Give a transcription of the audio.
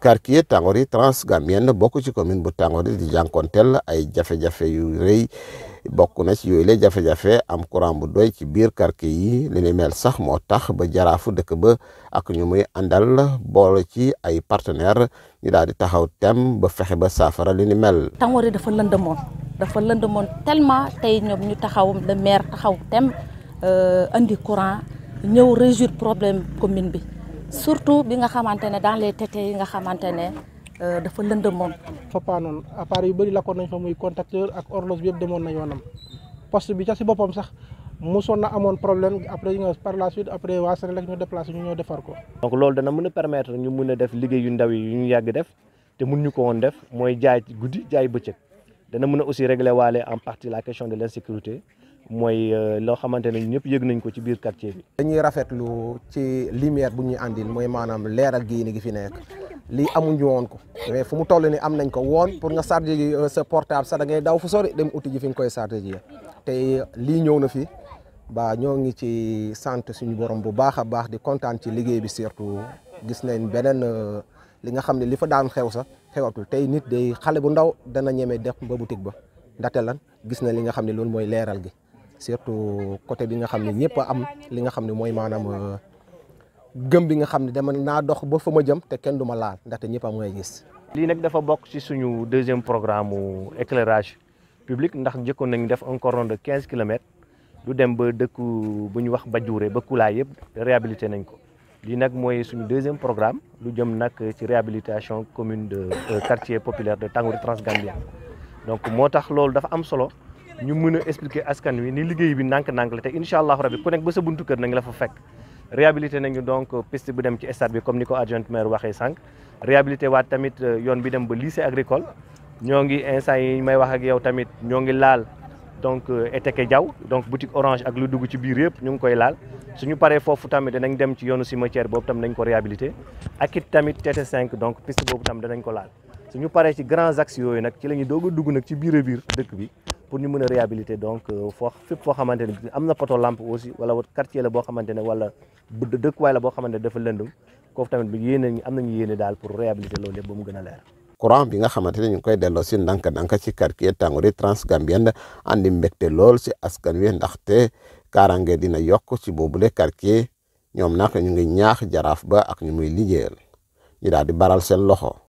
quartier Tangori yenn bokk ci commune bu Tangori di jànkonteel ay jafe-jafe yu rëy bokk na ci yooyu la jafe-jafe am courant bu doy ci biir quartier yi li ni sax moo tax ba jaraafu dëkk ba ak ñu muy àndal boole ci ay partenaire ñu daal di taxaw tem ba fexe ba saafara li ni mel. Tangori dafa lëndëmoon dafa lëndëmoon tellement tey ñoom ñu taxaw le maire taxaw tem euh, andi courant ñëw résoudre problème commune bi. surtout bi nga xamante ne dans les tétés yi nga xamante ne euh, dafa lëndëm moom. Fapal noonu appareil yu bëri lakkoon nañ fa muy contacteur ak horloge bi yëpp demoon na yoonam poste bi ca si boppam sax mu mosoon na amoon problème après ñu par la suite après waa Senelec ñu déplacé ñu defar ko. donc loolu dana mën a permettre ñu mën a def liggéey yu ndaw ñu yàgg def te mën ñu ko woon def mooy jaay guddi jaay bëccëg dana mën a aussi régler waale en partie la question de l'insécurité mooy euh, loo xamante ne ñëpp yëg nañ ko ci biir quartier bi. dañuy rafetlu ci lumière bu ñuy àndil mooy maanaam leeral génn gi fi nekk lii amuñu woon ko mais fu mu toll nii am nañ ko woon pour nga chargé ji euh, sa portable sax da ngay daw fu sori dem uti ji fi nga koy chargé ji te lii ñëw na fi ba ñoo ngi ci sant suñu borom bu baax a baax di kontaan ci liggéey bi surtout gis nañ beneen euh, li nga xam ne li fa daan xew sax xewatul tey nit day xale bu ndaw dana ñeme def ba boutique ba ndaxte lan gis na li nga xam ne loolu mooy leeral gi. surtout côté bi nga xam ne ñëpp am li nga xam ne mooy maanaam euh, gëm bi nga xam ne dama naa dox ba fa ma jëm te kenn du ma laal ndaxte ñëpp am ngay gis. lii nag dafa bokk si suñu deuxième programme mu éclairage public ndax njëkkoon nañ def un cordon de quinze kilomètres lu dem ba dëkku bu ñu wax Badiouré ba Kulaay yëpp réhabilité nañ ko. lii nag mooy suñu deuxième programme lu jëm nag ci réhabilitation commune de euh, quartier populaire de Tàngori Transgambia donc ñu mun a expliquer askan wi ni liggéey bi ndànk-ndànk la te incha allahu rabi ku nekk ba sa buntu kër nañ la fa fekk réhabilité nañu donc piste bu dem ci stade bi comme ni ko adjoint maire waxee sànq réhabilité waat tamit euh, yoon bi dem ba lycée agricole ñoo ngi instant yi may wax ak yow tamit ñoo ngi laal donc Eteke euh, Diaw donc boutique orange ak lu dugg ci biir yëpp ñu ngi koy laal suñu paree foofu tamit danañ dem ci yoonu cimetière boobu tam nañ ko réhabilité ak it tamit TT5 donc piste boobu tam danañ ko laal suñu paree ci grands axes yooyu nag ci la ñuy doog dugg nag ci biir biir dëkk bi pour ñu mën a réhabiliter donc euh, foo fépp foo xamante ne am na poto lampe aussi wala quartier la boo xamante ne wala dëkkuwaay la boo xamante ne dafa lëndëm kooku tamit bi yéene na ñu yéene daal pour réhabiliter loolu yëpp ba a leer courant bi nga xamante ne ñu ngi koy delloo si ndànk-ndànk ci quartier Tàngori Transgambienne andi mbégte lool si askan wi ndaxte kaaraange dina yokk si boobule quartier ñoom nag ñu ngi ñaax jaraaf ba ak ñu muy liggéeyal ñu daal di baral seen loxo